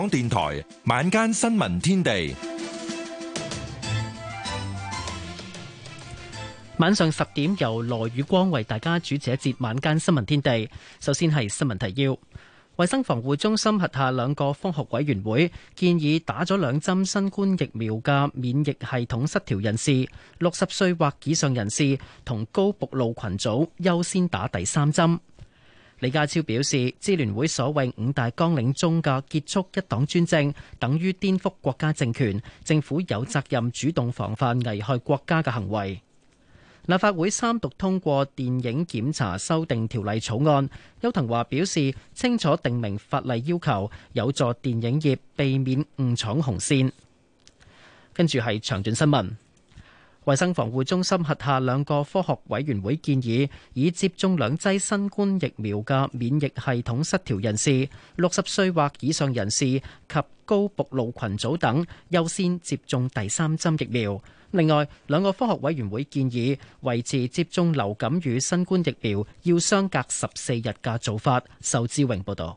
港電台晚間新聞天地，晚上十點由羅宇光為大家主持一節晚間新聞天地。首先係新聞提要：衛生防護中心轄下兩個科學委員會建議，打咗兩針新冠疫苗嘅免疫系統失調人士、六十歲或以上人士同高暴露群組，優先打第三針。李家超表示，支聯會所謂五大綱領中嘅結束一黨專政，等於顛覆國家政權，政府有責任主動防範危害國家嘅行為。立法會三讀通過電影檢查修訂條例草案，邱騰華表示清楚定明法例要求，有助電影業避免誤闖紅線。跟住係長段新聞。衛生防護中心轄下兩個科學委員會建議，已接種兩劑新冠疫苗嘅免疫系統失調人士，六十歲或以上人士及高暴露群組等優先接種第三針疫苗。另外，兩個科學委員會建議維持接種流感與新冠疫苗要相隔十四日嘅做法。仇志榮報道。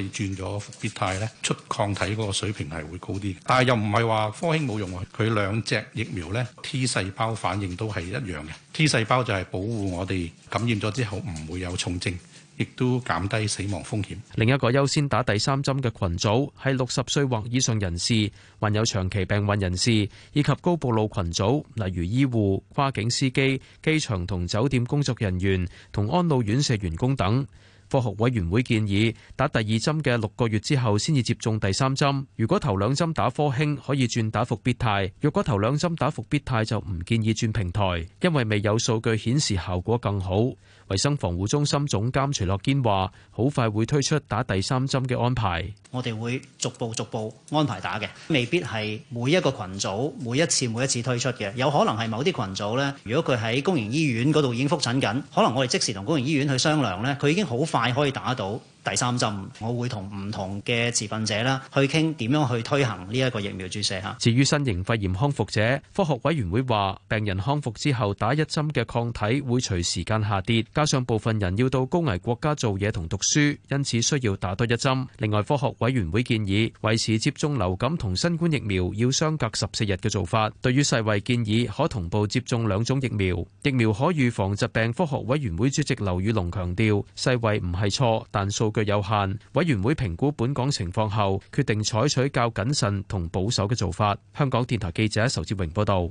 轉咗復必泰咧，出抗體嗰個水平係會高啲，但係又唔係話科興冇用。佢兩隻疫苗呢 T 細胞反應都係一樣嘅。T 細胞就係保護我哋感染咗之後唔會有重症，亦都減低死亡風險。另一個優先打第三針嘅群組係六十歲或以上人士，還有長期病患人士，以及高暴露群組，例如醫護、跨境司機、機場同酒店工作人員、同安老院舍員工等。科學委員會建議打第二針嘅六個月之後先至接種第三針。如果頭兩針打科興，可以轉打復必泰；若果頭兩針打復必泰，就唔建議轉平台，因為未有數據顯示效果更好。衞生防護中心總監徐樂堅話：好快會推出打第三針嘅安排。我哋會逐步逐步安排打嘅，未必係每一個羣組每一次每一次推出嘅，有可能係某啲羣組呢，如果佢喺公營醫院嗰度已經覆診緊，可能我哋即時同公營醫院去商量呢，佢已經好快。大可以打到。第三針，我會同唔同嘅持份者啦，去傾點樣去推行呢一個疫苗注射嚇。至於新型肺炎康復者，科學委員會話，病人康復之後打一針嘅抗體會隨時間下跌，加上部分人要到高危國家做嘢同讀書，因此需要打多一針。另外，科學委員會建議維持接種流感同新冠疫苗要相隔十四日嘅做法。對於世衛建議可同步接種兩種疫苗，疫苗可預防疾病，科學委員會主席劉宇龍強調，世衛唔係錯，但數據有限，委員會評估本港情況後，決定採取較謹慎同保守嘅做法。香港電台記者仇志榮報道。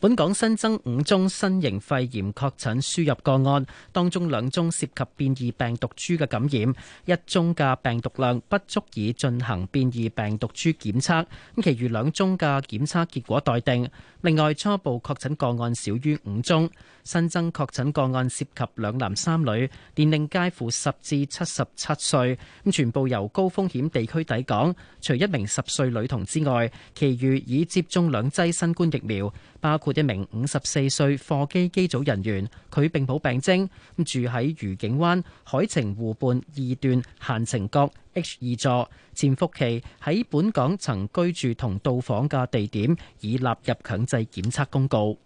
本港新增五宗新型肺炎確診輸入個案，當中兩宗涉及變異病毒株嘅感染，一宗嘅病毒量不足以進行變異病毒株檢測，咁其餘兩宗嘅檢測結果待定。另外，初步確診個案少於五宗，新增確診個案涉及兩男三女，年齡介乎十至七十七歲，咁全部由高風險地區抵港，除一名十歲女童之外，其餘已接種兩劑新冠疫苗。包括一名五十四歲貨機機組人員，佢並冇病徵，咁住喺愉景灣海澄湖畔二段閒情閣 H 二座。潛伏期喺本港曾居住同到訪嘅地點已納入強制檢測公告。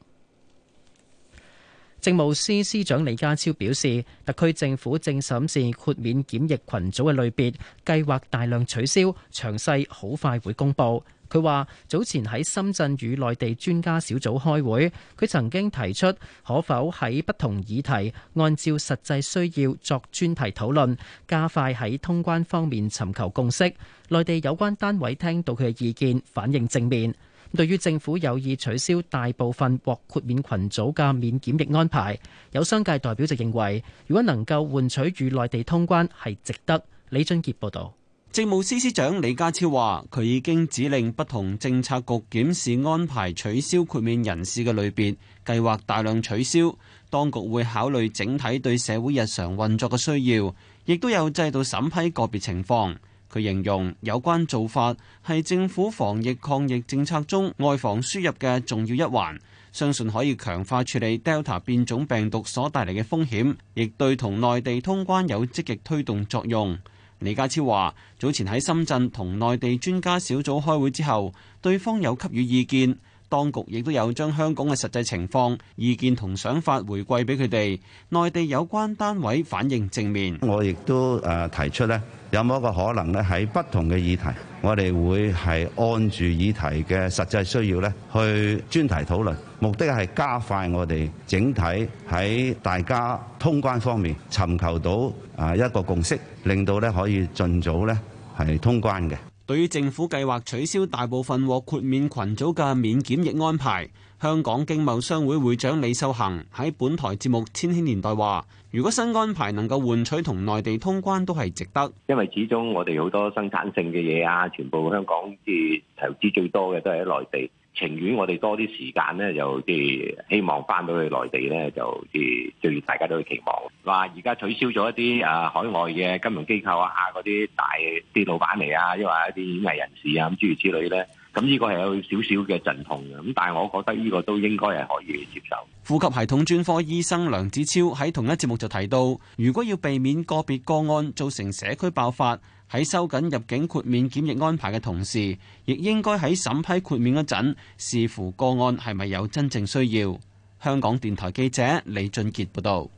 政務司司長李家超表示，特區政府正審視豁免檢疫群組嘅類別，計劃大量取消，詳細好快會公布。佢話早前喺深圳與內地專家小組開會，佢曾經提出可否喺不同議題按照實際需要作專題討論，加快喺通關方面尋求共識，內地有關單位聽到佢嘅意見反應正面。對於政府有意取消大部分獲豁免群組嘅免檢疫安排，有商界代表就認為如果能夠換取與內地通關，係值得。李俊傑報道。政務司司長李家超話，佢已經指令不同政策局檢視安排取消豁免人士嘅類別，計劃大量取消。當局會考慮整體對社會日常運作嘅需要，亦都有制度審批個別情況。佢形容有關做法係政府防疫抗疫政策中外防輸入嘅重要一環，相信可以強化處理 Delta 變種病毒所帶嚟嘅風險，亦對同內地通關有積極推動作用。李家超話，早前喺深圳同內地專家小組開會之後，對方有給予意見，當局亦都有將香港嘅實際情況意見同想法回饋俾佢哋，內地有關單位反應正面。我亦都誒，提出咧，有冇一個可能咧？喺不同嘅議題，我哋會係按住議題嘅實際需要咧，去專題討論，目的係加快我哋整體喺大家通關方面尋求到，啊，一個共識令到咧可以盡早咧係通關嘅。對於政府計劃取消大部分獲豁免群組嘅免檢疫安排，香港經貿商會會長李秀恒喺本台節目《千禧年代》話：「如果新安排能夠換取同內地通關，都係值得。因為始終我哋好多生產性嘅嘢啊，全部香港嘅投資最多嘅都係喺內地。情願我哋多啲時間呢，就即係希望翻到去內地呢，就即係對大家都期望。話而家取消咗一啲啊海外嘅金融機構啊，嗰啲大啲老闆嚟啊，亦或一啲演藝人士啊，諸如此類呢。咁呢個係有少少嘅陣痛嘅。咁但係我覺得呢個都應該係可以接受。呼吸系統專科醫生梁子超喺同一節目就提到，如果要避免個別個案造成社區爆發。喺收緊入境豁免檢疫安排嘅同時，亦應該喺審批豁免嗰陣視乎個案係咪有真正需要。香港電台記者李俊傑報道。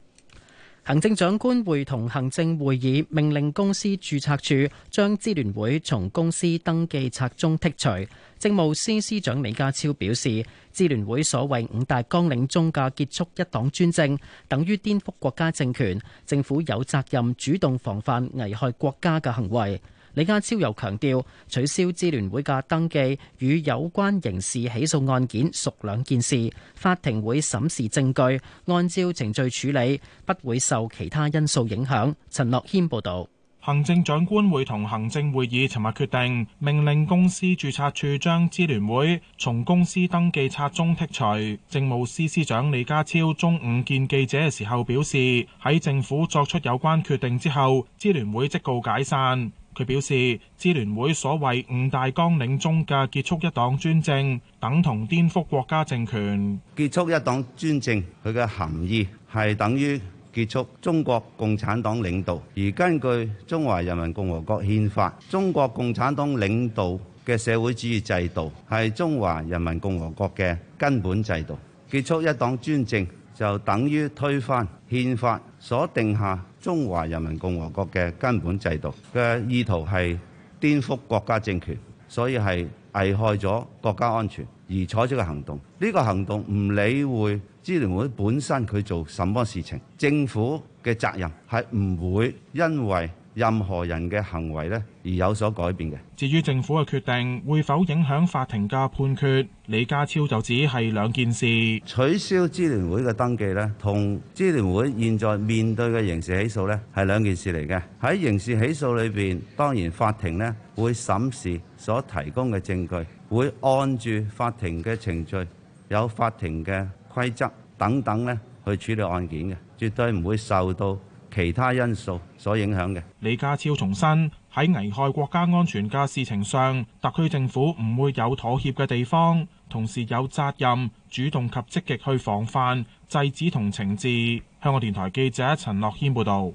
行政長官會同行政會議命令公司註冊處將支聯會從公司登記冊中剔除。政務司司長李家超表示，支聯會所謂五大綱領中嘅結束一黨專政，等於顛覆國家政權，政府有責任主動防範危害國家嘅行為。李家超又強調，取消支聯會嘅登記與有關刑事起訴案件屬兩件事，法庭會審視證據，按照程序處理，不會受其他因素影響。陳樂謙報道。行政長官會同行政會議尋日決定，命令公司註冊處將支聯會從公司登記冊中剔除。政務司司長李家超中午見記者嘅時候表示，喺政府作出有關決定之後，支聯會即告解散。佢表示，支聯會所謂五大綱領中嘅結束一黨專政，等同顛覆國家政權。結束一黨專政，佢嘅含義係等於。結束中國共產黨領導，而根據《中華人民共和國憲法》，中國共產黨領導嘅社會主義制度係中華人民共和國嘅根本制度。結束一黨專政就等於推翻憲法所定下中華人民共和國嘅根本制度嘅意圖係顛覆國家政權，所以係危害咗國家安全而採取嘅行動。呢個行動唔理會。支聯會本身佢做什麼事情，政府嘅責任係唔會因為任何人嘅行為咧而有所改變嘅。至於政府嘅決定會否影響法庭嘅判決，李家超就只係兩件事：取消支聯會嘅登記咧，同支聯會現在面對嘅刑事起訴咧，係兩件事嚟嘅。喺刑事起訴裏邊，當然法庭咧會審視所提供嘅證據，會按住法庭嘅程序，有法庭嘅規則等等咧，去處理案件嘅，絕對唔會受到其他因素所影響嘅。李家超重申，喺危害國家安全嘅事情上，特區政府唔會有妥協嘅地方，同時有責任主動及積極去防範、制止同懲治。香港電台記者陳樂軒報導。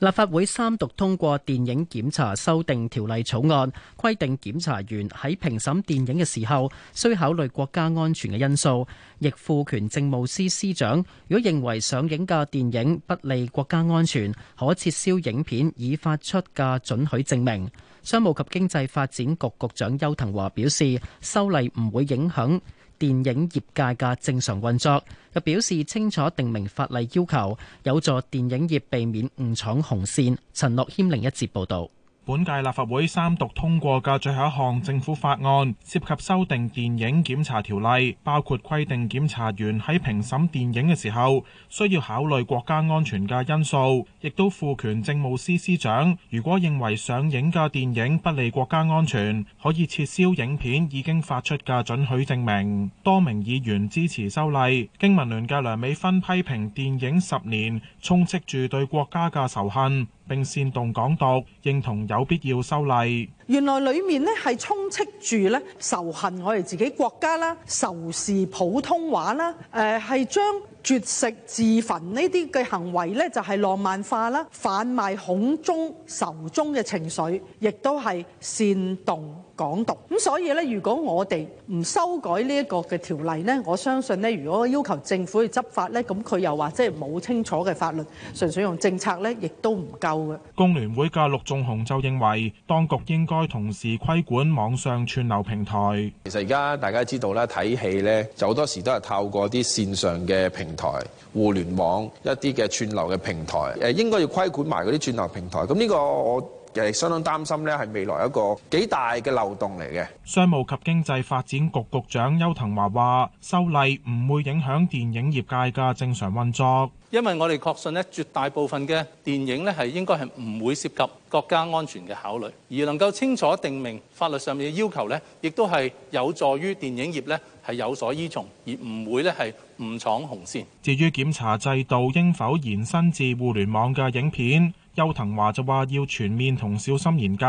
立法會三讀通過電影檢查修訂條例草案，規定檢查員喺評審電影嘅時候，需考慮國家安全嘅因素，亦賦權政務司司長，如果認為上映嘅電影不利國家安全，可撤銷影片已發出嘅准許證明。商務及經濟發展局局長邱騰華表示，修例唔會影響。電影業界嘅正常運作，又表示清楚定明法例要求，有助電影業避免誤闖紅線。陳樂謙另一節報導。本屆立法會三讀通過嘅最後一項政府法案，涉及修訂電影檢查條例，包括規定檢查員喺評審電影嘅時候，需要考慮國家安全嘅因素。亦都賦權政務司司長，如果認為上映嘅電影不利國家安全，可以撤銷影片已經發出嘅准許證明。多名議員支持修例，經民聯嘅梁美芬批評電影十年充斥住對國家嘅仇恨。並煽動港獨，認同有必要修例。原來裡面咧係充斥住咧仇恨我哋自己國家啦、仇視普通話啦，誒係將絕食自焚呢啲嘅行為呢，就係浪漫化啦、販賣恐中仇仇中嘅情緒，亦都係煽動港獨。咁所以呢，如果我哋唔修改呢一個嘅條例呢，我相信呢，如果要求政府去執法呢，咁佢又話即係冇清楚嘅法律，純粹用政策呢，亦都唔夠嘅。工聯會嘅陸仲雄就認為，當局應該。再同時規管網上串流平台。其實而家大家知道啦，睇戲咧就好多時都係透過啲線上嘅平台、互聯網一啲嘅串流嘅平台。誒，應該要規管埋嗰啲串流平台。咁呢個我。其實相當擔心咧，係未來一個幾大嘅漏洞嚟嘅。商務及經濟發展局局長邱騰華話，修例唔會影響電影業界嘅正常運作，因為我哋確信咧，絕大部分嘅電影咧係應該係唔會涉及國家安全嘅考慮，而能夠清楚定明法律上面嘅要求咧，亦都係有助於電影業咧係有所依從，而唔會咧係誤闖紅線。至於檢查制度應否延伸至互聯網嘅影片？邱騰華就話要全面同小心研究。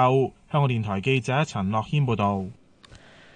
香港電台記者陳樂軒報道，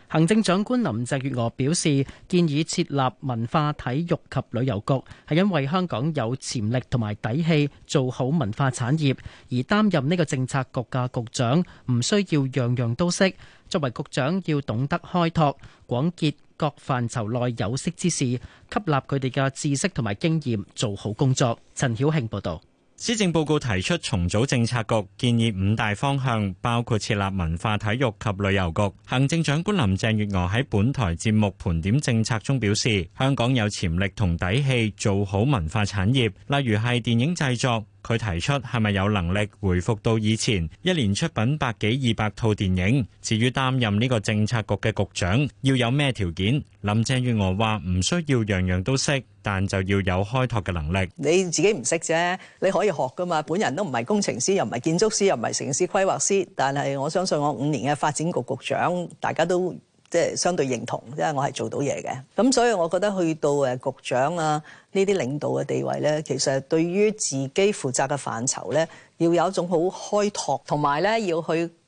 行政長官林鄭月娥表示，建議設立文化、體育及旅遊局，係因為香港有潛力同埋底氣做好文化產業。而擔任呢個政策局嘅局長，唔需要樣樣都識。作為局長，要懂得開拓，廣結各範疇內有識之士，吸納佢哋嘅知識同埋經驗，做好工作。陳曉慶報道。施政報告提出重組政策局，建議五大方向，包括設立文化、體育及旅遊局。行政長官林鄭月娥喺本台節目盤點政策中表示，香港有潛力同底氣做好文化產業，例如係電影製作。佢提出係咪有能力回復到以前一年出品百幾、二百套電影？至於擔任呢個政策局嘅局長要有咩條件？林鄭月娥話唔需要樣樣都識。但就要有開拓嘅能力。你自己唔識啫，你可以學㗎嘛。本人都唔係工程師，又唔係建築師，又唔係城市規劃師。但係我相信我五年嘅發展局局長，大家都即係相對認同，因為我係做到嘢嘅。咁所以我覺得去到誒局長啊呢啲領導嘅地位呢，其實對於自己負責嘅範疇呢，要有一種好開拓，同埋呢要去。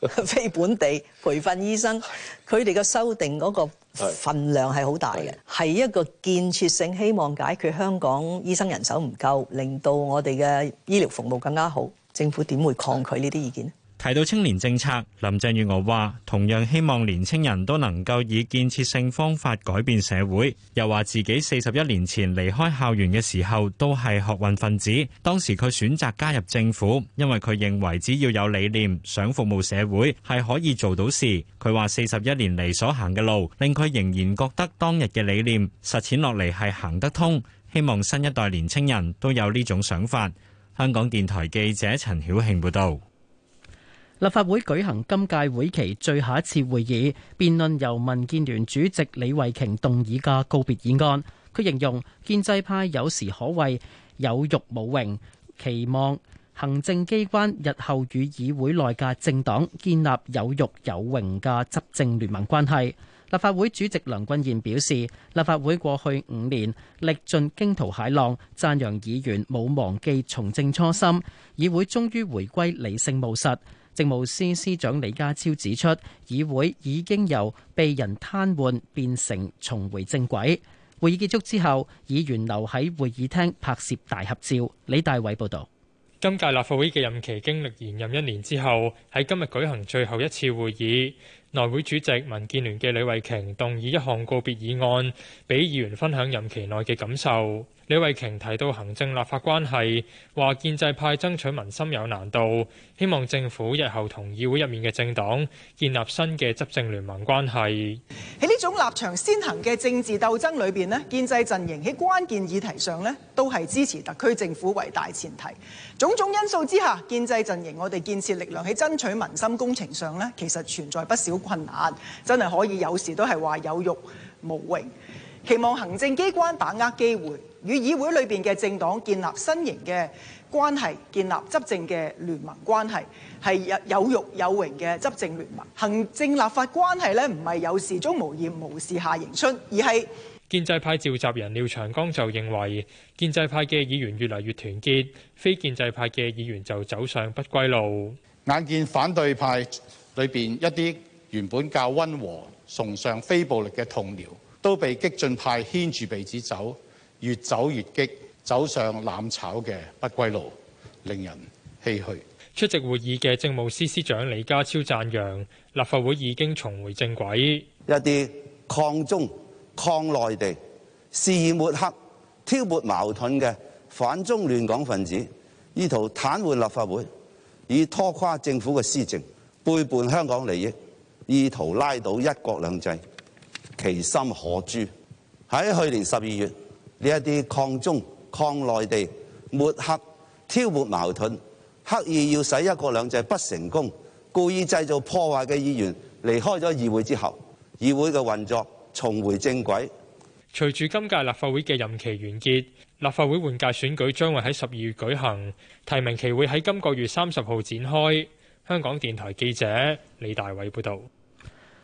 非本地培訓醫生，佢哋嘅修訂嗰個份量係好大嘅，係 一個建設性，希望解決香港醫生人手唔夠，令到我哋嘅醫療服務更加好。政府點會抗拒呢啲意見？提到青年政策，林鄭月娥話同樣希望年青人都能夠以建設性方法改變社會，又話自己四十一年前離開校園嘅時候都係學運分子，當時佢選擇加入政府，因為佢認為只要有理念，想服務社會係可以做到事。佢話四十一年嚟所行嘅路，令佢仍然覺得當日嘅理念實踐落嚟係行得通。希望新一代年青人都有呢種想法。香港電台記者陳曉慶報道。立法會舉行今屆會期最後一次會議，辯論由民建聯主席李慧瓊動議嘅告別議案。佢形容建制派有時可謂有辱冇榮，期望行政機關日後與議會內嘅政黨建立有辱有榮嘅執政聯盟關係。立法會主席梁君彥表示，立法會過去五年歷盡驚濤駭浪，讚揚議，議員冇忘記從政初心，議會終於回歸理性務實。政務司司長李家超指出，議會已經由被人癱瘓變成重回正軌。會議結束之後，議員留喺會議廳拍攝大合照。李大偉報道。今屆立法會嘅任期經歷延任一年之後，喺今日舉行最後一次會議。內會主席民建聯嘅李慧瓊動議一項告別議案，俾議員分享任期內嘅感受。李慧瓊提到行政立法關係，話建制派爭取民心有難度，希望政府日後同議會入面嘅政黨建立新嘅執政聯盟關係。喺呢種立場先行嘅政治鬥爭裏邊咧，建制陣營喺關鍵議題上咧，都係支持特區政府為大前提。種種因素之下，建制陣營我哋建設力量喺爭取民心工程上咧，其實存在不少困難真係可以有時都係話有辱無榮，期望行政機關把握機會，與議會裏邊嘅政黨建立新型嘅關係，建立執政嘅聯盟關係，係有有辱有榮嘅執政聯盟。行政立法關係呢，唔係有事鍾無艷，無事夏迎春，而係建制派召集人廖長江就認為，建制派嘅議員越嚟越團結，非建制派嘅議員就走上不歸路。眼見反對派裏邊一啲原本較温和、崇尚非暴力嘅同僚，都被激進派牽住鼻子走，越走越激，走上攬炒嘅不歸路，令人唏噓。出席會議嘅政務司司長李家超讚揚，立法會已經重回正軌。一啲抗中、抗內地、肆意抹黑、挑撥矛盾嘅反中亂港分子，意圖癱瘓立法會，以拖垮政府嘅施政，背叛香港利益。意圖拉倒一國兩制，其心可誅。喺去年十二月，呢一啲抗中、抗內地、抹黑、挑撥矛盾、刻意要使一國兩制不成功、故意製造破壞嘅議員離開咗議會之後，議會嘅運作重回正軌。隨住今屆立法會嘅任期完結，立法會換屆選舉將會喺十二月舉行，提名期會喺今個月三十號展開。香港電台記者李大偉報道。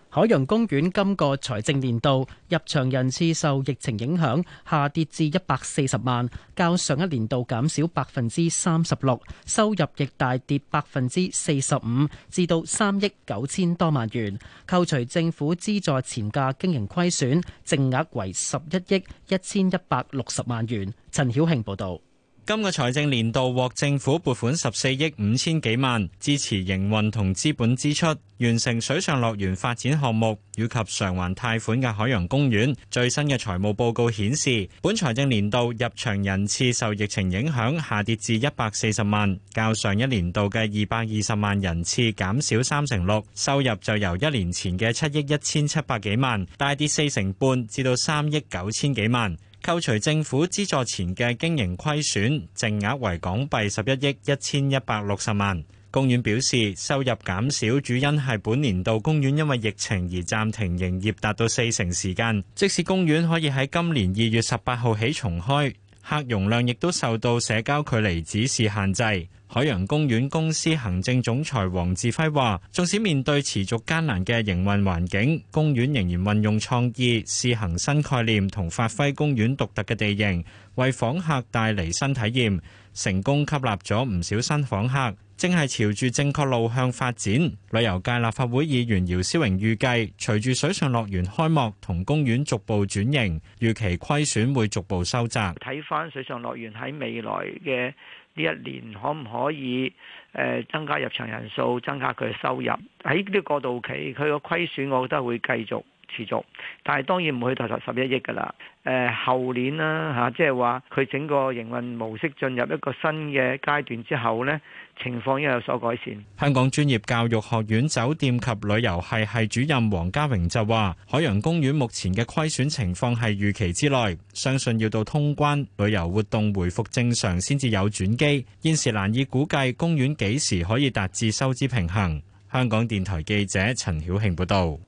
海洋公園今個財政年度入場人次受疫情影響下跌至一百四十萬，較上一年度減少百分之三十六，收入亦大跌百分之四十五，至到三億九千多萬元。扣除政府資助前嘅經營虧損，淨額為十一億一千一百六十萬元。陳曉慶報導。今個財政年度獲政府撥款十四億五千幾萬，支持營運同資本支出，完成水上樂園發展項目以及償還貸款嘅海洋公園。最新嘅財務報告顯示，本財政年度入場人次受疫情影響下跌至一百四十萬，較上一年度嘅二百二十萬人次減少三成六。收入就由一年前嘅七億一千七百幾萬大跌四成半，至到三億九千幾萬。扣除政府資助前嘅經營虧損淨額為港幣十一億一千一百六十萬。公園表示，收入減少主因係本年度公園因為疫情而暫停營業達到四成時間，即使公園可以喺今年二月十八號起重開。客容量亦都受到社交距離指示限制。海洋公園公司行政總裁黃志輝話，縱使面對持續艱難嘅營運環境，公園仍然運用創意試行新概念同發揮公園獨特嘅地形，為訪客帶嚟新體驗，成功吸納咗唔少新訪客。正係朝住正確路向發展，旅遊界立法會議員姚思榮預計，隨住水上樂園開幕同公園逐步轉型，預期虧損會逐步收窄。睇返水上樂園喺未來嘅呢一年，可唔可以誒增加入場人數，增加佢嘅收入？喺呢個過渡期，佢個虧損，我覺得會繼續。持續，但係當然唔會去到十一億噶啦。誒、呃、後年啦吓即係話，佢、就是、整個營運模式進入一個新嘅階段之後咧，情況應有所改善。香港專業教育學院酒店及旅遊系系主任黃家榮就話海洋公園目前嘅虧損情況係預期之內，相信要到通關旅遊活動回復正常先至有轉機，現時難以估計公園幾時可以達至收支平衡。香港電台記者陳曉慶報道。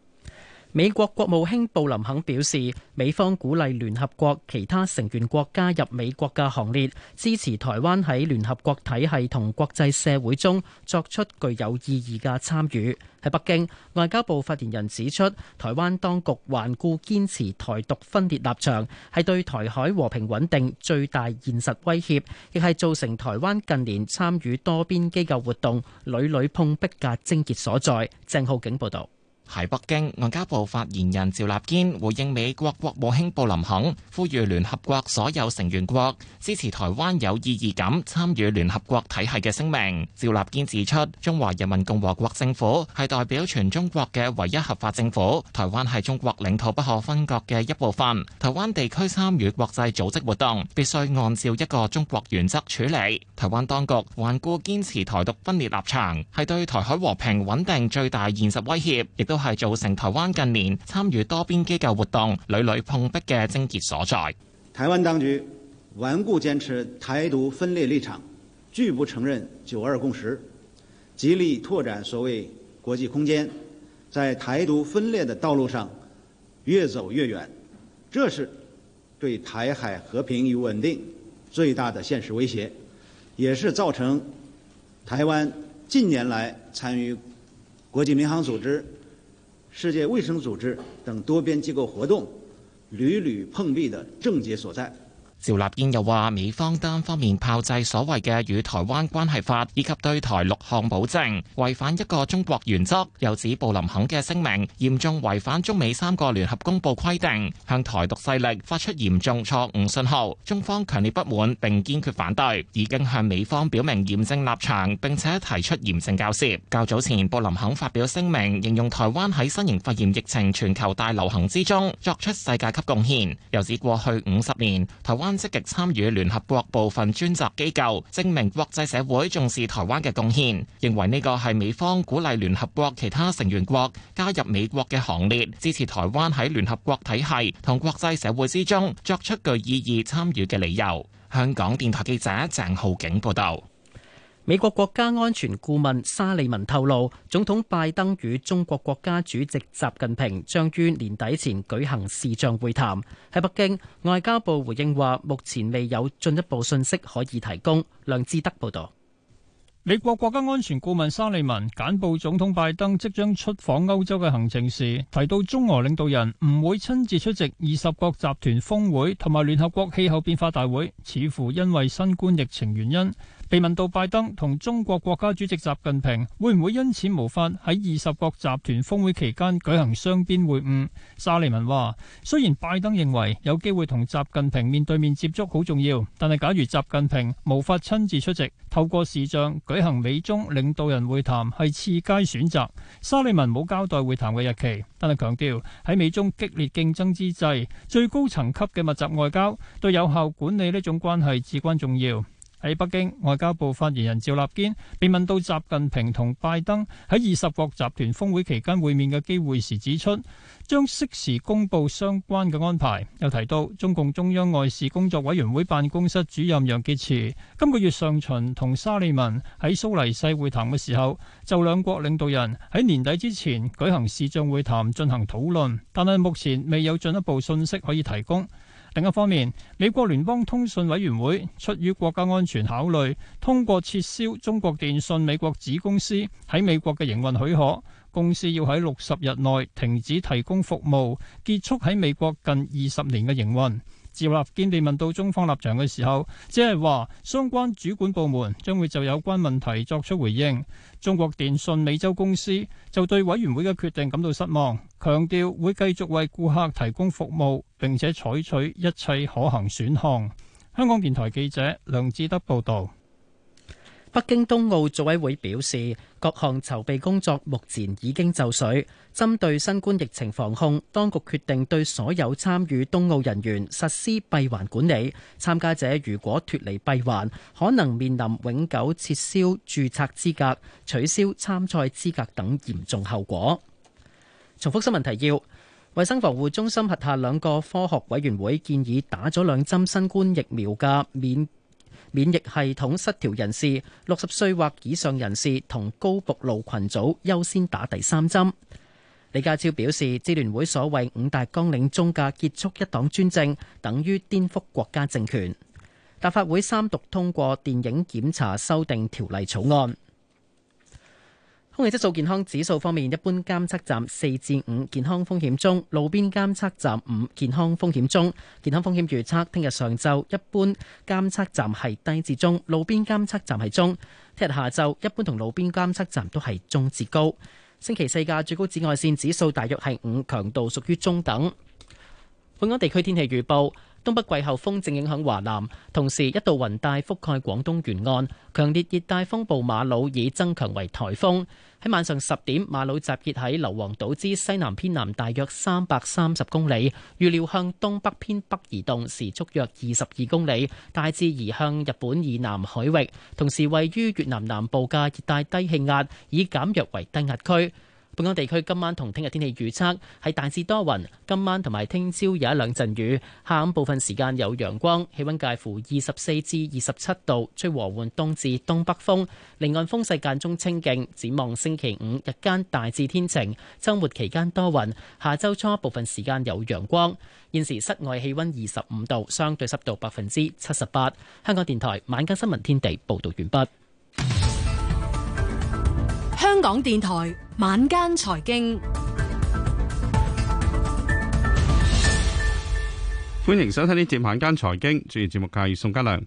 美國國務卿布林肯表示，美方鼓勵聯合國其他成員國加入美國嘅行列，支持台灣喺聯合國體系同國際社會中作出具有意義嘅參與。喺北京，外交部發言人指出，台灣當局頑固堅持台獨分裂立場，係對台海和平穩定最大現實威脅，亦係造成台灣近年參與多邊機構活動，屢屢碰壁嘅症結所在。鄭浩景報道。喺北京，外交部發言人趙立堅回應美國國務卿布林肯呼籲聯合國所有成員國支持台灣有意義感參與聯合國體系嘅聲明。趙立堅指出，中華人民共和國政府係代表全中國嘅唯一合法政府，台灣係中國領土不可分割嘅一部分。台灣地區參與國際組織活動，必須按照一個中國原則處理。台灣當局頑固堅持台獨分裂立場，係對台海和平穩定最大現實威脅亦都。都係造成台灣近年參與多邊機構活動屢屢碰壁嘅症結所在。台灣當局頑固堅持台獨分裂立場，拒不承認九二共識，極力拓展所謂國際空間，在台獨分裂的道路上越走越遠，這是對台海和平與穩定最大的現實威脅，也是造成台灣近年來參與國際民航組織。世界衛生組織等多邊機構活動屢屢碰壁的症結所在。趙立堅又話：美方單方面炮製所謂嘅《與台灣關係法》以及對台六項保證，違反一個中國原則。又指布林肯嘅聲明嚴重違反中美三個聯合公報規定，向台獨勢力發出嚴重錯誤信號。中方強烈不滿，並堅決反對，已經向美方表明嚴正立場，並且提出嚴正交涉。較早前，布林肯發表聲明，形容台灣喺新型肺炎疫情全球大流行之中作出世界級貢獻。又指過去五十年，台灣。積極參與聯合國部分專責機構，證明國際社會重視台灣嘅貢獻，認為呢個係美方鼓勵聯合國其他成員國加入美國嘅行列，支持台灣喺聯合國體系同國際社會之中作出具意義參與嘅理由。香港電台記者鄭浩景報道。美國國家安全顧問沙利文透露，總統拜登與中國國家主席習近平將於年底前舉行視像會談。喺北京，外交部回應話，目前未有進一步信息可以提供。梁志德報道。美國國家安全顧問沙利文簡報總統拜登即將出訪歐洲嘅行程時，提到中俄領導人唔會親自出席二十國集團峰會同埋聯合國氣候變化大會，似乎因為新冠疫情原因。被問到拜登同中國國家主席習近平會唔會因此無法喺二十國集團峰會期間舉行雙邊會晤，沙利文話：雖然拜登認為有機會同習近平面對面接觸好重要，但係假如習近平無法親自出席，透過視像舉行美中領導人會談係次佳選擇。沙利文冇交代會談嘅日期，但係強調喺美中激烈競爭之際，最高層級嘅密集外交對有效管理呢種關係至關重要。喺北京，外交部發言人趙立堅被問到習近平同拜登喺二十國集團峰會期間會面嘅機會時，指出將適時公佈相關嘅安排。又提到中共中央外事工作委員會辦公室主任楊潔篪今個月上旬同沙利文喺蘇黎世會談嘅時候，就兩國領導人喺年底之前舉行視像會談進行討論，但係目前未有進一步信息可以提供。另一方面，美國聯邦通訊委員會出於國家安全考慮，通過撤銷中國電訊美國子公司喺美國嘅營運許可，公司要喺六十日內停止提供服務，結束喺美國近二十年嘅營運。趙立堅被問到中方立場嘅時候，即係話相關主管部門將會就有關問題作出回應。中國電信美洲公司就對委員會嘅決定感到失望，強調會繼續為顧客提供服務，並且採取一切可行選項。香港電台記者梁志德報導。北京冬奧組委會表示，各項籌備工作目前已經就緒。針對新冠疫情防控，當局決定對所有參與冬奧人員實施閉環管理。參加者如果脫離閉環，可能面臨永久撤銷注冊資格、取消參賽資格等嚴重後果。重複新聞提要：衛生防護中心轄下兩個科學委員會建議，打咗兩針新冠疫苗嘅免。免疫系統失調人士、六十歲或以上人士同高復老群組優先打第三針。李家超表示，支聯會所謂五大綱領中嘅結束一黨專政，等於顛覆國家政權。立法會三讀通過電影檢查修訂條例草案。空氣質素健康指數方面，一般監測站四至五，健康風險中；路邊監測站五，健康風險中。健康風險預測：聽日上晝一般監測站係低至中，路邊監測站係中；聽日下晝一般同路邊監測站都係中至高。星期四嘅最高紫外線指數大約係五，強度屬於中等。本港地區天氣預報。東北季候風正影響華南，同時一道雲帶覆蓋廣東沿岸。強烈熱帶風暴馬魯已增強為台風，喺晚上十點，馬魯集結喺硫磺島之西南偏南大約三百三十公里，預料向東北偏北移動，時速約二十二公里，大致移向日本以南海域。同時，位於越南南部嘅熱帶低氣壓已減弱為低壓區。本港地區今晚同聽日天氣預測係大致多雲，今晚同埋聽朝有一兩陣雨，下午部分時間有陽光，氣溫介乎二十四至二十七度，吹和緩東至東北風，離岸風勢間中清勁。展望星期五日間大致天晴，周末期間多雲，下周初部分時間有陽光。現時室外氣溫二十五度，相對濕度百分之七十八。香港電台晚間新聞天地報道完畢。港電台晚間財經，歡迎收聽呢節晚間財經。主持節目嘅係宋嘉良。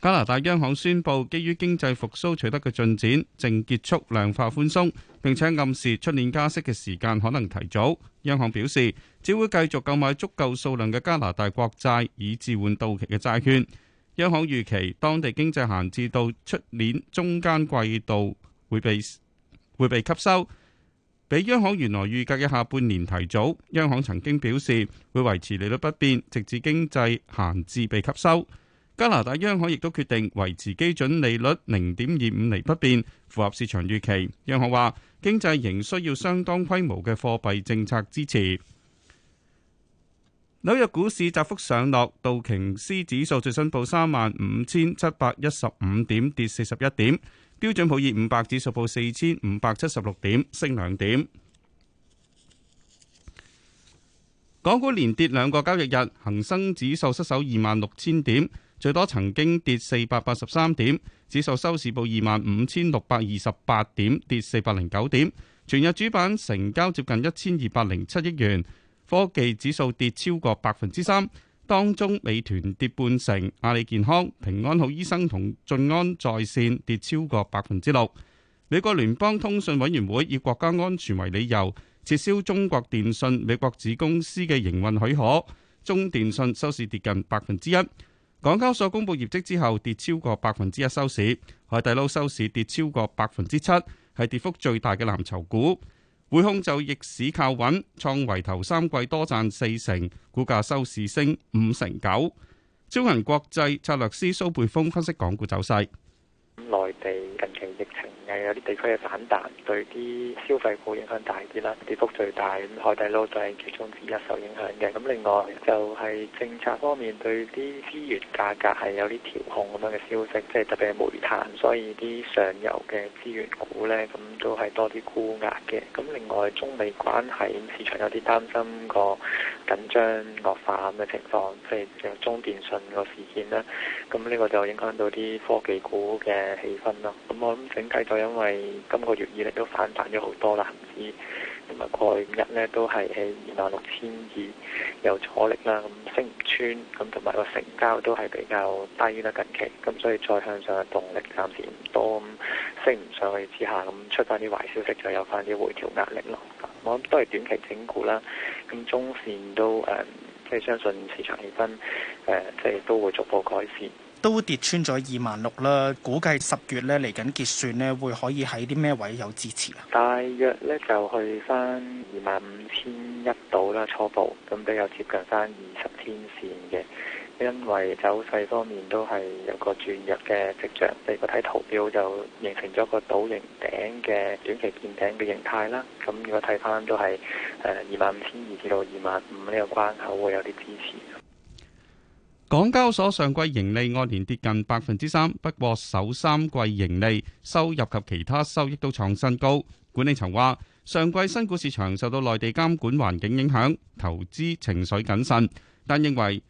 加拿大央行宣布，基於經濟復蘇取得嘅進展，正結束量化寬鬆，並且暗示出年加息嘅時間可能提早。央行表示，只會繼續購買足夠數量嘅加拿大國債以置換到期嘅債券。央行預期當地經濟閒置到出年中間季度會被。會被吸收，比央行原來預計嘅下半年提早。央行曾經表示會維持利率不變，直至經濟閒置被吸收。加拿大央行亦都決定維持基準利率零點二五厘不變，符合市場預期。央行話經濟仍需要相當規模嘅貨幣政策支持。紐約股市窄幅上落，道瓊斯指數最新報三萬五千七百一十五點，跌四十一點。標準普爾五百指數報四千五百七十六點，升兩點。港股連跌兩個交易日，恒生指數失守二萬六千點，最多曾經跌四百八十三點，指數收市報二萬五千六百二十八點，跌四百零九點。全日主板成交接近一千二百零七億元，科技指數跌超過百分之三。當中，美團跌半成，阿里健康、平安好醫生同晉安在線跌超過百分之六。美國聯邦通訊委員會以國家安全為理由，撤銷中國電信美國子公司嘅營運許可。中電信收市跌近百分之一。港交所公布業績之後，跌超過百分之一收市。海底撈收市跌超過百分之七，係跌幅最大嘅藍籌股。匯控就逆市靠穩，創維頭三季多賺四成，股價收市升五成九。招銀國際策略師蘇貝峰分析港股走勢。內地近期疫情。有啲地區嘅反彈，對啲消費股影響大啲啦，跌幅最大。海底撈就係其中之一受影響嘅。咁另外就係、是、政策方面，對啲資源價格係有啲調控咁樣嘅消息，即係特別係煤炭，所以啲上游嘅資源股呢，咁都係多啲沽壓嘅。咁另外中美關係，市場有啲擔心個緊張惡化咁嘅情況，即係有中電信個事件啦。咁呢個就影響到啲科技股嘅氣氛咯。咁我諗整體就。因為今個月以嚟都反彈咗好多啦，咁啊過去五日咧都係喺二萬六千二，有阻力啦，咁升唔穿，咁同埋個成交都係比較低於近期，咁所以再向上嘅動力暫時唔多，咁升唔上去之下，咁出翻啲壞消息就有翻啲回調壓力咯。我諗都係短期整固啦，咁中線都誒、呃，即係相信市場氣氛誒，即係都會逐步改善。都跌穿咗二萬六啦，估計十月咧嚟緊結算咧，會可以喺啲咩位有支持啊？大約咧就去翻二萬五千一度啦，初步咁比較接近翻二十天線嘅。因為走勢方面都係有個轉弱嘅跡象，即係睇圖表就形成咗個倒形頂嘅短期見頂嘅形態啦。咁如果睇翻都係誒二萬五千二至到二萬五呢個關口會有啲支持。港交所上季盈利按年跌近百分之三，不過首三季盈利、收入及其他收益都創新高。管理層話，上季新股市場受到內地監管環境影響，投資情緒謹慎，但認為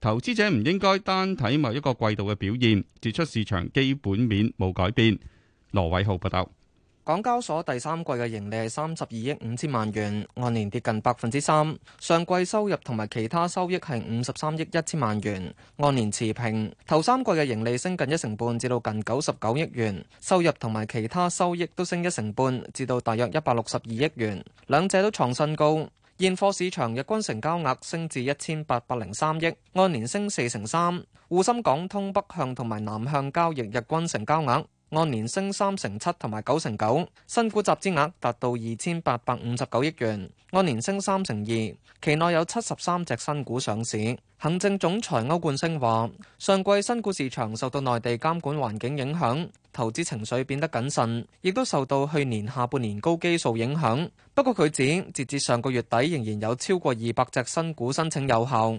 投資者唔應該單睇某一個季度嘅表現，指出市場基本面冇改變。羅偉浩報道。港交所第三季嘅盈利係三十二億五千萬元，按年跌近百分之三。上季收入同埋其他收益係五十三億一千萬元，按年持平。頭三季嘅盈利升近一成半，至到近九十九億元；收入同埋其他收益都升一成半，至到大約一百六十二億元，兩者都創新高。現貨市場日均成交額升至一千八百零三億，按年升四成三。滬深港通北向同埋南向交易日均成交額，按年升三成七同埋九成九，新股集資額達到二千八百五十九億元，按年升三成二。期內有七十三隻新股上市。行政總裁歐冠昇話：上季新股市場受到內地監管環境影響，投資情緒變得謹慎，亦都受到去年下半年高基數影響。不過佢指，截至上個月底，仍然有超過二百隻新股申請有效。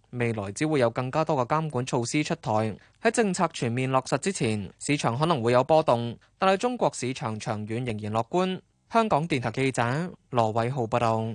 未來只會有更加多嘅監管措施出台，喺政策全面落實之前，市場可能會有波動，但係中國市場長遠仍然樂觀。香港電台記者羅偉浩報道。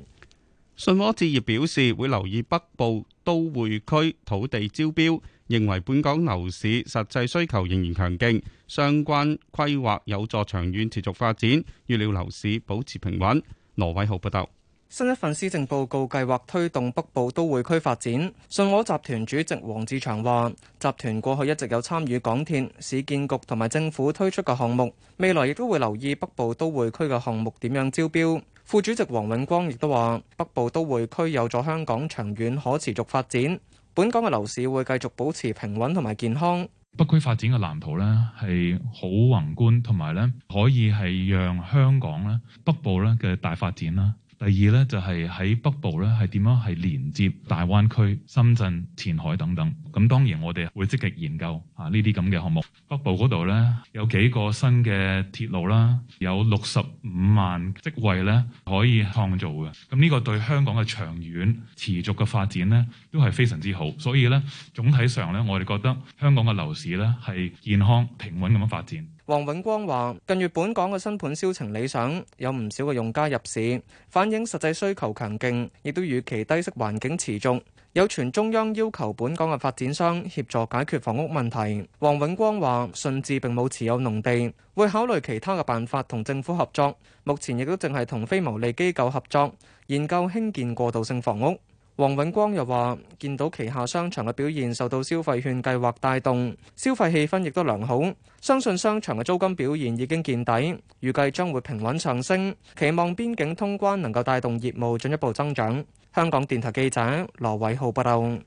信和置業表示會留意北部都會區土地招標，認為本港樓市實際需求仍然強勁，相關規劃有助長遠持續發展，預料樓市保持平穩。羅偉浩報道。新一份施政報告計劃推動北部都會區發展。信和集團主席黃志祥話，集團過去一直有參與港鐵、市建局同埋政府推出嘅項目，未來亦都會留意北部都會區嘅項目點樣招標。副主席黃永光亦都話，北部都會區有助香港長遠可持續發展，本港嘅樓市會繼續保持平穩同埋健康。北區發展嘅藍圖咧係好宏觀，同埋咧可以係讓香港咧北部咧嘅大發展啦。第二呢就係、是、喺北部呢，係點樣係連接大灣區、深圳、前海等等。咁當然我哋會積極研究啊呢啲咁嘅項目。北部嗰度呢，有幾個新嘅鐵路啦，有六十五萬職位呢，可以創造嘅。咁呢個對香港嘅長遠持續嘅發展呢，都係非常之好。所以呢，總體上呢，我哋覺得香港嘅樓市呢，係健康平穩咁樣發展。黃永光話：近月本港嘅新盤銷情理想，有唔少嘅用家入市，反映實際需求強勁，亦都與其低息環境持續。有傳中央要求本港嘅發展商協助解決房屋問題。黃永光話：順治並冇持有農地，會考慮其他嘅辦法同政府合作。目前亦都淨係同非牟利機構合作研究興建過渡性房屋。王永光又話：見到旗下商場嘅表現受到消費券計劃帶動，消費氣氛亦都良好，相信商場嘅租金表現已經見底，預計將會平穩上升。期望邊境通關能夠帶動業務進一步增長。香港電台記者羅偉浩報道。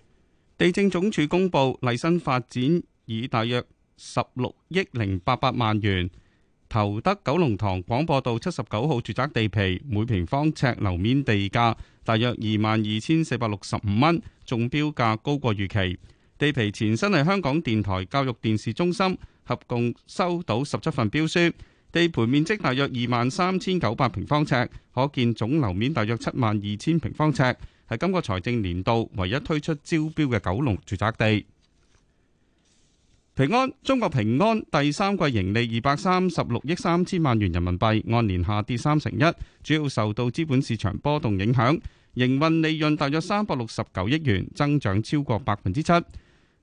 地政總署公布麗新發展以大約十六億零八百萬元，投得九龍塘廣播道七十九號住宅地皮，每平方尺樓面地價大約二萬二千四百六十五蚊，中標價高過預期。地皮前身係香港電台教育電視中心，合共收到十七份標書，地盤面積大約二萬三千九百平方尺，可見總樓面大約七萬二千平方尺，係今個財政年度唯一推出招標嘅九龍住宅地。平安，中國平安第三季盈利二百三十六億三千萬元人民幣，按年下跌三成一，主要受到資本市場波動影響。營運利潤大約三百六十九億元，增長超過百分之七。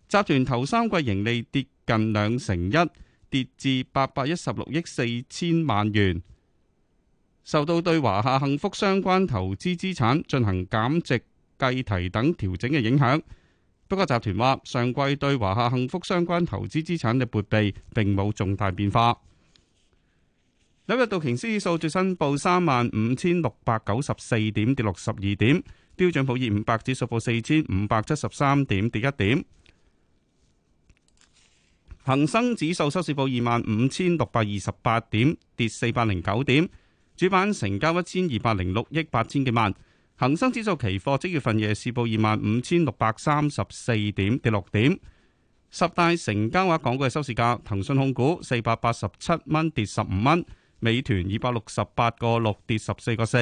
集團頭三季盈利跌近兩成一，跌至八百一十六億四千萬元，受到對華夏幸福相關投資資產進行減值計提等調整嘅影響。不家集團話：上季對華夏幸福相關投資資產嘅撥備，並冇重大變化。紐約道瓊斯指數最新報三萬五千六百九十四點，跌六十二點；標準普爾五百指數報四千五百七十三點，跌一點；恒生指數收市報二萬五千六百二十八點，跌四百零九點；主板成交一千二百零六億八千幾萬。恒生指數期貨即月份夜市報二萬五千六百三十四點，跌六點。十大成交額港股嘅收市價：騰訊控股四百八十七蚊，跌十五蚊；美團二百六十八個六，跌十四個四；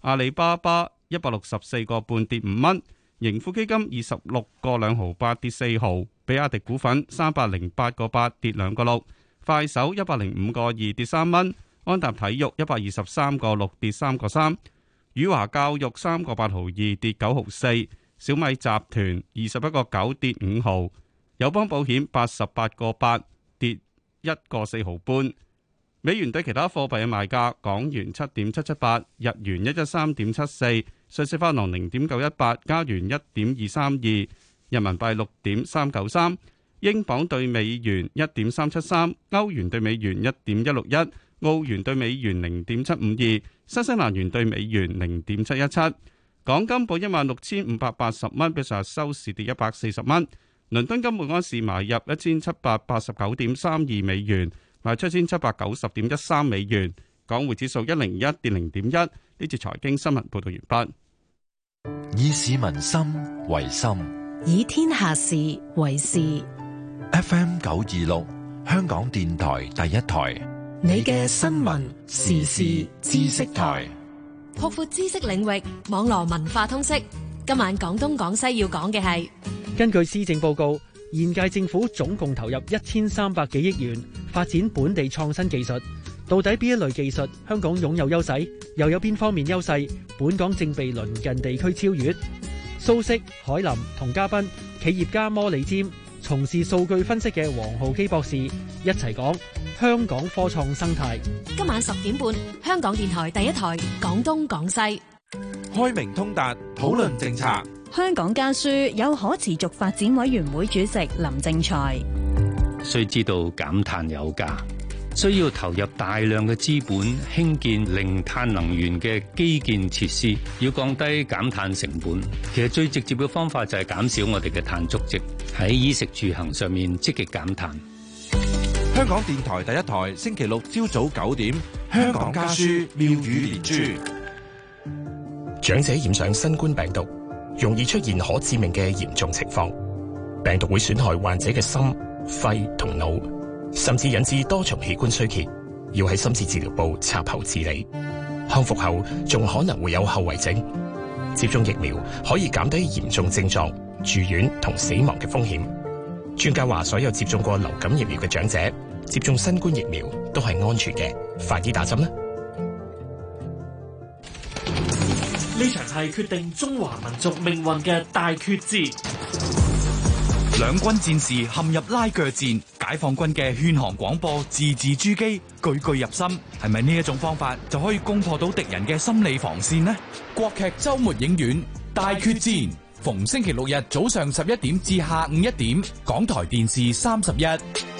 阿里巴巴一百六十四個半，跌五蚊；盈富基金二十六個兩毫八，跌四毫；比亞迪股份三百零八個八，跌兩個六；快手一百零五個二，跌三蚊；安踏體育一百二十三個六，跌三個三。宇華教育三個八毫二，跌九毫四，小米集團二十一個九，跌五毫，友邦保險八十八個八，跌一個四毫半。美元對其他貨幣嘅賣價：港元七點七七八，日元一一三點七四，瑞士法郎零點九一八，加元一點二三二，人民幣六點三九三，英鎊兌美元一點三七三，歐元兌美元一點一六一。澳元兌美元零點七五二，新西蘭元兌美元零點七一七，港金報一萬六千五百八十蚊，比上日收市跌一百四十蚊。倫敦金每安士買入一千七百八十九點三二美元，賣出一千七百九十點一三美元。港匯指數一零一跌零點一。呢次財經新聞報道完畢。以市民心為心，以天下事為事。FM 九二六，香港電台第一台。你嘅新聞時事知識台，擴闊知識領域，網絡文化通識。今晚廣東廣西要講嘅係，根據施政報告，現屆政府總共投入一千三百幾億元發展本地創新技術。到底邊一類技術香港擁有優勢，又有邊方面優勢？本港正被鄰近地區超越。蘇軾、海林同嘉賓，企業家摩里尖，從事數據分析嘅黃浩基博士一齊講香港科創生態。今晚十點半，香港電台第一台廣東廣西，開明通達討論政策。香港家書有可持續發展委員會主席林正財，雖知道減碳有價。需要投入大量嘅資本興建零碳能源嘅基建設施，要降低減碳成本。其實最直接嘅方法就係減少我哋嘅碳足跡，喺衣食住行上面積極減碳。香港電台第一台，星期六朝早九點，香港家書妙語連珠。長者染上新冠病毒，容易出現可致命嘅嚴重情況。病毒會損害患者嘅心、肺同腦。甚至引致多重器官衰竭，要喺深切治療部插喉治理。康復後，仲可能會有後遺症。接種疫苗可以減低嚴重症狀、住院同死亡嘅風險。專家話，所有接種過流感疫苗嘅長者接種新冠疫苗都係安全嘅，快啲打針啦！呢場係決定中華民族命運嘅大決戰。兩軍戰士陷入拉鋸戰，解放軍嘅勸降廣播字字珠璣，句句入心，係咪呢一種方法就可以攻破到敵人嘅心理防線呢？國劇週末影院《大決戰》決戰，逢星期六日早上十一點至下午一點，港台電視三十一。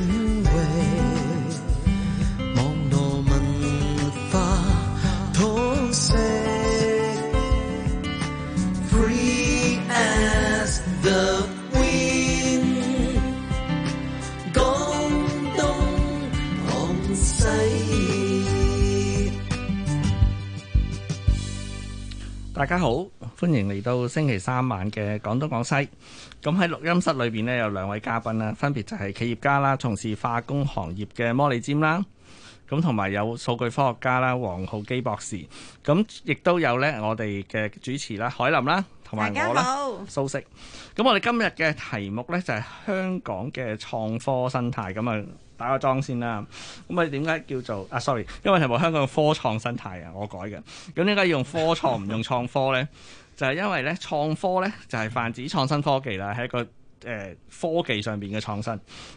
大家好，歡迎嚟到星期三晚嘅廣東廣西。咁喺錄音室裏邊呢，有兩位嘉賓啦，分別就係企業家啦，從事化工行業嘅摩利尖啦，咁同埋有數據科學家啦，黃浩基博士。咁亦都有呢我哋嘅主持啦，海林啦，同埋我啦，蘇軾。咁我哋今日嘅題目呢，就係香港嘅創科生態咁樣。打個樁先啦，咁啊點解叫做啊？sorry，因為係咪香港嘅科創生態啊，我改嘅。咁點解要用科創唔用創科呢？ 就係因為呢，「創科」呢就係泛指創新科技啦，係一個誒、呃、科技上邊嘅創新。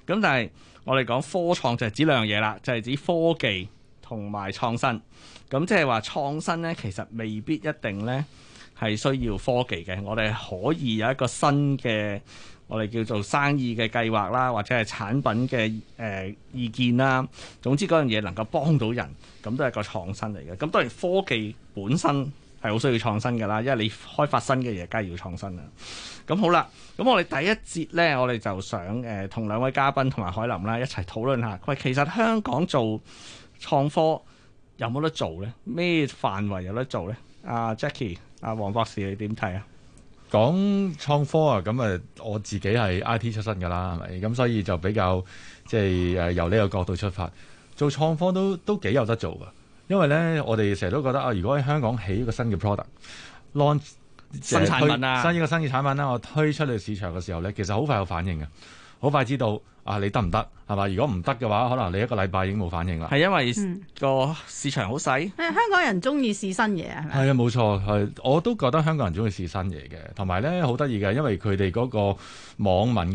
咁但係我哋講科創就係指兩樣嘢啦，就係、係、指科技同埋創新。咁即係話創新呢其實未必一定呢。係需要科技嘅，我哋可以有一個新嘅，我哋叫做生意嘅計劃啦，或者係產品嘅誒意見啦。總之嗰樣嘢能夠幫到人，咁都係一個創新嚟嘅。咁當然科技本身係好需要創新噶啦，因為你開發新嘅嘢，梗係要創新啦。咁好啦，咁我哋第一節呢，我哋就想誒同兩位嘉賓同埋海林啦一齊討論下喂，其實香港做創科有冇得做呢？咩範圍有得做呢？阿 Jacky。啊 Jackie，阿黃博士，你點睇啊？講創科啊，咁啊，我自己係 I T 出身噶啦，係咪？咁所以就比較即係誒，就是、由呢個角度出發，做創科都都幾有得做噶。因為咧，我哋成日都覺得啊，如果喺香港起一個新嘅 product，launch 新產品啊，新呢個新嘅產品咧，我推出去市場嘅時候咧，其實好快有反應嘅。好快知道啊！你得唔得？係嘛？如果唔得嘅話，可能你一個禮拜已經冇反應啦。係因為個市場好細，誒、嗯哎，香港人中意試新嘢啊！係啊，冇錯，係我都覺得香港人中意試新嘢嘅，同埋咧好得意嘅，因為佢哋嗰個網民。